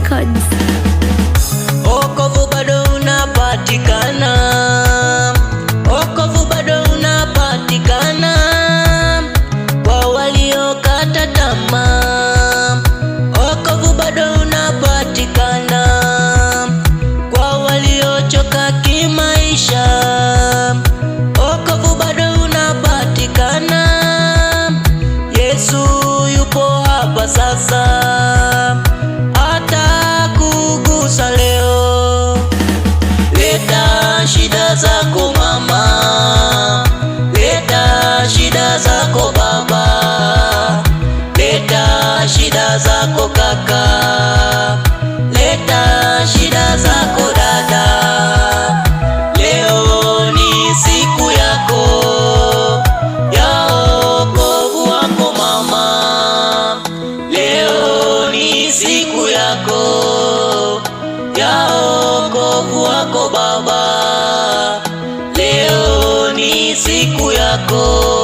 Records. Wokovu bado unapatikana, wokovu bado unapatikana kwa waliokata tamaa, wokovu bado zako kaka, leta shida zako dada. Leo ni siku yako ya wokovu wako mama, leo ni siku yako ya wokovu wako baba, leo ni siku yako